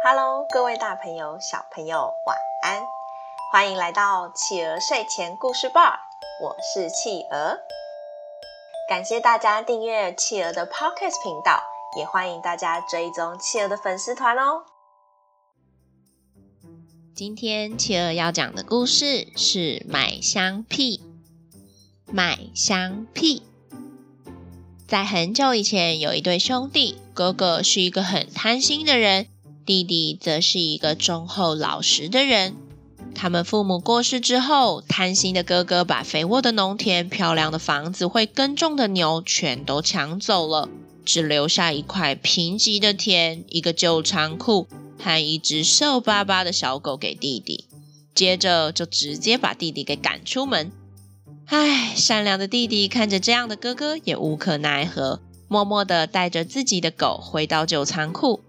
哈嘍，各位大朋友、小朋友，晚安！歡迎來到企鵝睡前故事吧，我是企鵝。感謝大家訂閱企鵝的 Podcast 頻道，也歡迎大家追蹤企鵝的粉絲團哦。今天企鵝要講的故事是賣香屁。賣香屁。在很久以前，有一對兄弟，哥哥是一個很貪心的人。弟弟則是一個忠厚老實的人。他們父母過世之後，貪心的哥哥把肥沃的農田、漂亮的房子、會耕種的牛全都搶走了，只留下一塊貧瘠的田、一個舊倉庫和一隻瘦巴巴的小狗給弟弟。接着就直接把弟弟給趕出門。唉，善良的弟弟看着這樣的哥哥也無可奈何，默默地帶着自己的狗回到舊倉庫。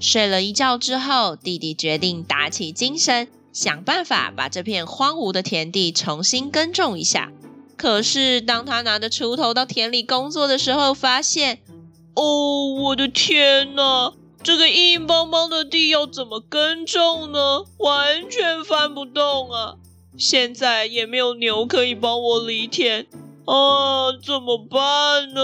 睡了一覺之後，弟弟決定打起精神，想辦法把這片荒蕪的田地重新耕種一下。可是，當他拿着鋤頭到田裡工作的時候，發現，哦，我的天哪！這個硬邦邦的地要怎麼耕種呢？完全翻不動啊！現在也沒有牛可以幫我犁田，啊，怎麼辦呢？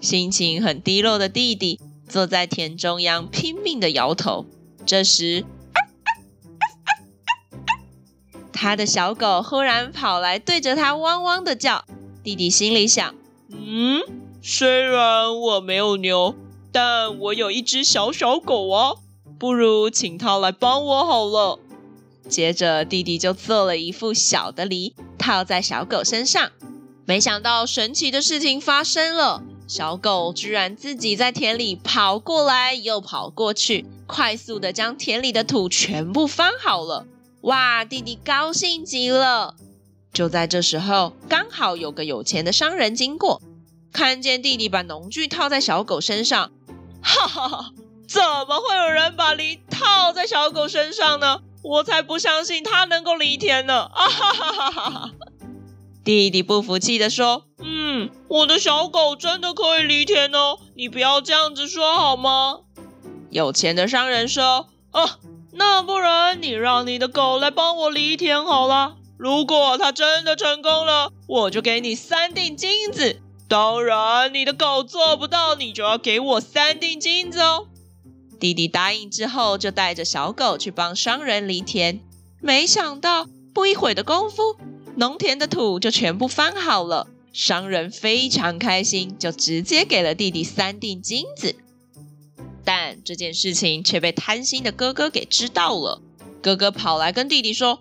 心情很低落的弟弟。坐在田中央拼命的搖頭。這時，哈哈哈哈哈哈、他的小狗忽然跑來，對着他汪汪的叫。弟弟心裡想：嗯，雖然我沒有牛，但我有一隻小小狗啊、哦，不如請它來幫我好了。接着，弟弟就做了一副小的犁套在小狗身上。沒想到，神奇的事情發生了。小狗居然自己在田裡跑過來又跑過去，快速的將田裡的土全部翻好了。哇，弟弟高興極了。就在這時候，剛好有個有錢的商人經過，看見弟弟把農具套在小狗身上，哈哈哈！怎麼會有人把犁套在小狗身上呢？我才不相信他能夠犁田呢！啊哈哈哈哈！弟弟不服氣的說：“嗯。”我的小狗真的可以犁田哦，你不要這樣子說好嗎？有錢的商人說：“啊，那不然你讓你的狗來幫我犁田好了。如果它真的成功了，我就給你三錠金子。當然，你的狗做不到，你就要給我三錠金子哦。”弟弟答應之後，就帶着小狗去幫商人犁田。沒想到，不一會的功夫，農田的土就全部翻好了。商人非常開心，就直接給了弟弟三錠金子。但這件事情卻被貪心的哥哥給知道了。哥哥跑來跟弟弟說：“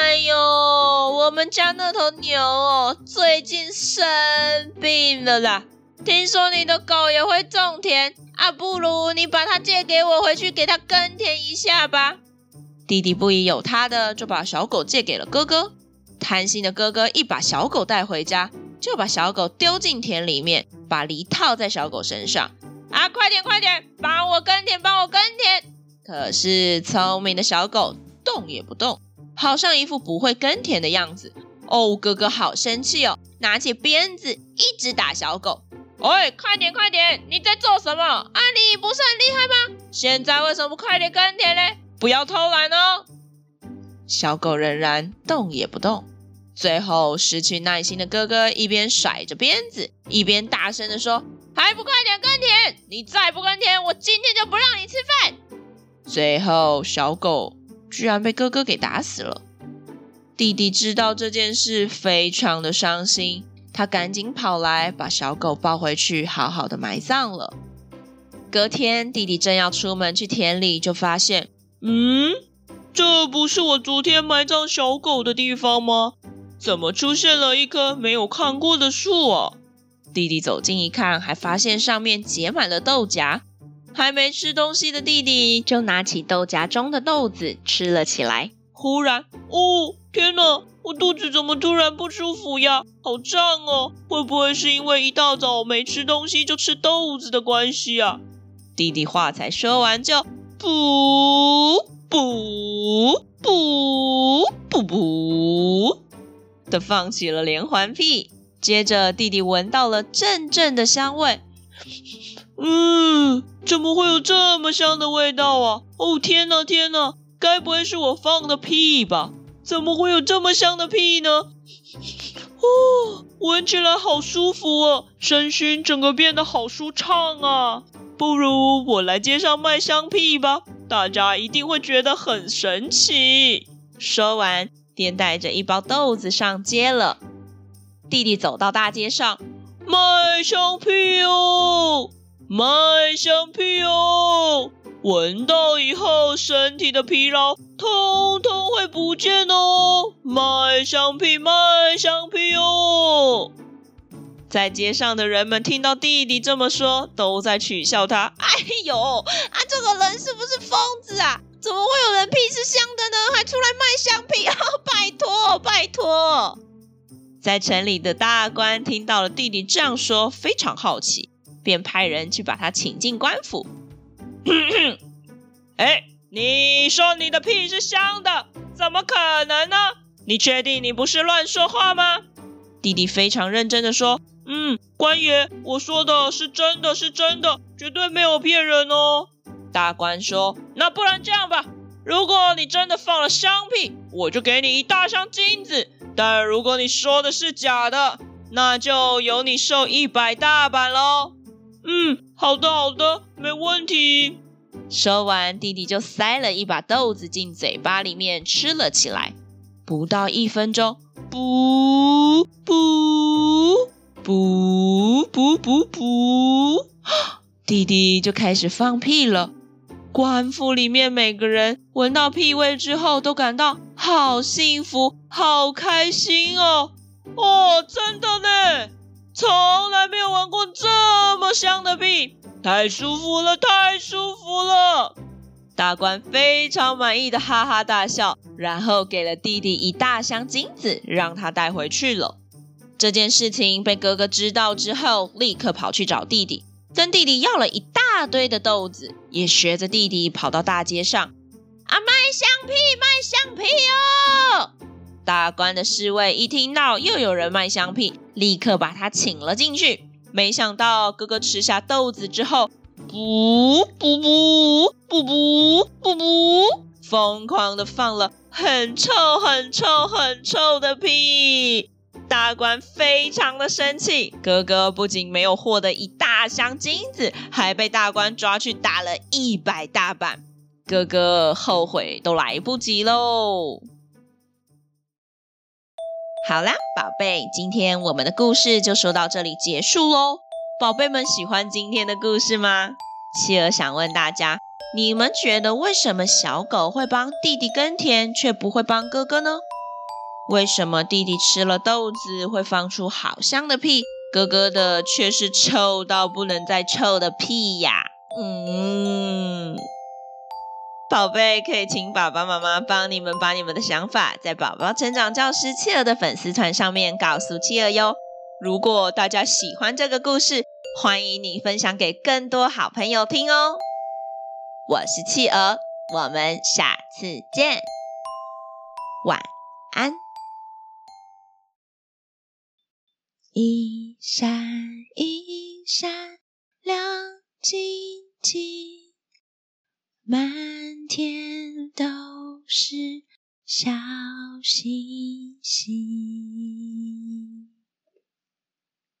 哎呦，我們家那頭牛哦，最近生病了啦！聽說你的狗也會種田啊，不如你把它借給我，回去給它耕田一下吧。”弟弟不疑有他的，的就把小狗借給了哥哥。貪心的哥哥一把小狗帶回家，就把小狗丟進田裡面，把犁套在小狗身上。啊，快點快點，幫我耕田，幫我耕田！可是聰明的小狗動也不動，好像一副不會耕田的樣子。哦，哥哥好生氣哦，拿起鞭子一直打小狗。喂，快點快點，你在做什麼？阿、啊、你不是很厲害嗎？現在為什麼不快點耕田呢？不要偷懶哦！小狗仍然動也不動，最後失去耐心的哥哥一邊甩着鞭子，一邊大聲地說：“還不快點耕田！你再不耕田，我今天就不讓你吃飯！”最後，小狗居然被哥哥給打死了。弟弟知道這件事，非常的傷心，他趕緊跑來把小狗抱回去，好好的埋葬了。隔天，弟弟正要出門去田裡，就發現，嗯？這不是我昨天埋葬小狗的地方嗎？怎麼出現了一棵沒有看過的樹啊？弟弟走近一看，還發現上面結滿了豆莢。還沒吃東西的弟弟就拿起豆莢中的豆子吃了起來。忽然，哦，天哪！我肚子怎麼突然不舒服呀？好脹哦！會不會是因為一大早沒吃東西就吃豆子的關係呀、啊？弟弟話才說完就噗。噗，噗，噗，噗，的放起了連環屁，接着弟弟聞到了陣陣的香味。嗯，怎麼會有這麼香的味道啊？哦，天哪，天哪，該不會是我放的屁吧？怎麼會有這麼香的屁呢？哦，聞起來好舒服哦、啊，身心整個變得好舒暢啊！不如我來街上賣香屁吧，大家一定會覺得很神奇。說完，爹帶着一包豆子上街了。弟弟走到大街上，賣香屁喲，賣香屁喲，聞到以後身體的疲勞通通會不見哦，賣香屁，賣香屁喲。在街上的人們聽到弟弟這麼說，都在取笑他。哎呦啊，這個人是不是瘋子啊？怎麼會有人屁是香的呢？還出來賣香屁啊？拜托拜托！在城裡的大官聽到了弟弟這樣說，非常好奇，便派人去把他請進官府。哎咳咳、欸，你說你的屁是香的，怎麼可能呢？你確定你不是亂說話嗎？弟弟非常認真的說。嗯，官爺，我說的是真的，是真的，絕對沒有騙人哦。大官說，「那不然這樣吧，如果你真的放了香屁，我就給你一大箱金子；但如果你說的是假的，那就由你受一百大板咯。」嗯，好的，好的，沒問題。說完，弟弟就塞了一把豆子進嘴巴裡面吃了起來。不到一分鐘，不不。噗噗噗噗，弟弟就開始放屁了。官府裡面每個人聞到屁味之後，都感到好幸福、好開心哦！哦，真的呢，從來沒有聞過這麼香的屁，太舒服了，太舒服了！大官非常滿意的哈哈大笑，然後給了弟弟一大箱金子，讓他帶回去了。這件事情被哥哥知道之後，立刻跑去找弟弟，跟弟弟要了一大堆的豆子，也學着弟弟跑到大街上，啊，賣香屁，賣香屁！哦，大官的侍衛一聽到又有人賣香屁，立刻把他請了進去。沒想到哥哥吃下豆子之後，噗噗噗噗噗噗噗，噗噗噗噗噗噗，瘋狂的放了很臭很臭很臭的屁。大官非常的生氣，哥哥不僅沒有獲得一大箱金子，還被大官抓去打了一百大板，哥哥後悔都來不及嘍。好啦，寶貝，今天我們的故事就說到這裡結束嘍。寶貝們喜歡今天的故事嗎？企鵝想問大家，你們覺得為什麼小狗會幫弟弟耕田，卻不會幫哥哥呢？為什麼弟弟吃了豆子會放出好香的屁，哥哥的卻是臭到不能再臭的屁呀？嗯，寶貝，可以請爸爸媽媽幫你們把你們的想法在寶寶成長教師企鵝的粉絲團上面告訴企鵝喲。如果大家喜歡這個故事，歡迎你分享給更多好朋友聽哦。我是企鵝，我們下次見，晚安。一閃一閃亮晶晶。